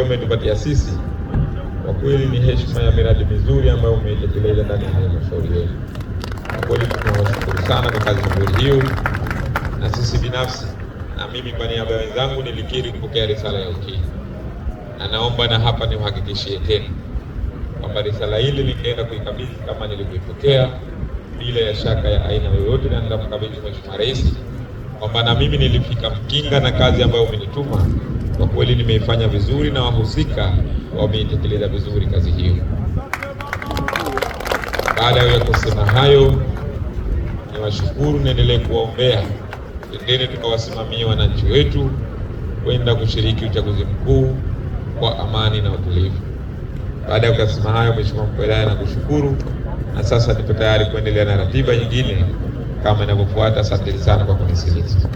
Umetupatia sisi kwa kweli ni heshima ya miradi mizuri ambayo umeitekeleza ndani ya halmashauri yetu. Kwa kweli tunawashukuru sana kwa kazi nzuri hiyo, na sisi binafsi na mimi kwa niaba ya wenzangu nilikiri kupokea risala ya ukimwi, na naomba na hapa niuhakikishie tena kwamba risala hili nitaenda kuikabidhi kama nilivyoipokea bila ya shaka ya aina yoyote, na nitamkabidhi Mheshimiwa Rais kwamba na mimi nilifika Mkinga na kazi ambayo umenituma tumeifanya vizuri na wahusika wameitekeleza vizuri kazi hiyo. Baada ya kusema hayo, niwashukuru, naendelee kuwaombea, endeni tukawasimamia wananchi wetu kwenda kushiriki uchaguzi mkuu kwa amani na utulivu. Baada ya kusema hayo, Mheshimiwa mkuu wa wilaya, nakushukuru na sasa tuko tayari kuendelea na ratiba nyingine kama inavyofuata. Asanteni sana kwa kunisikiliza.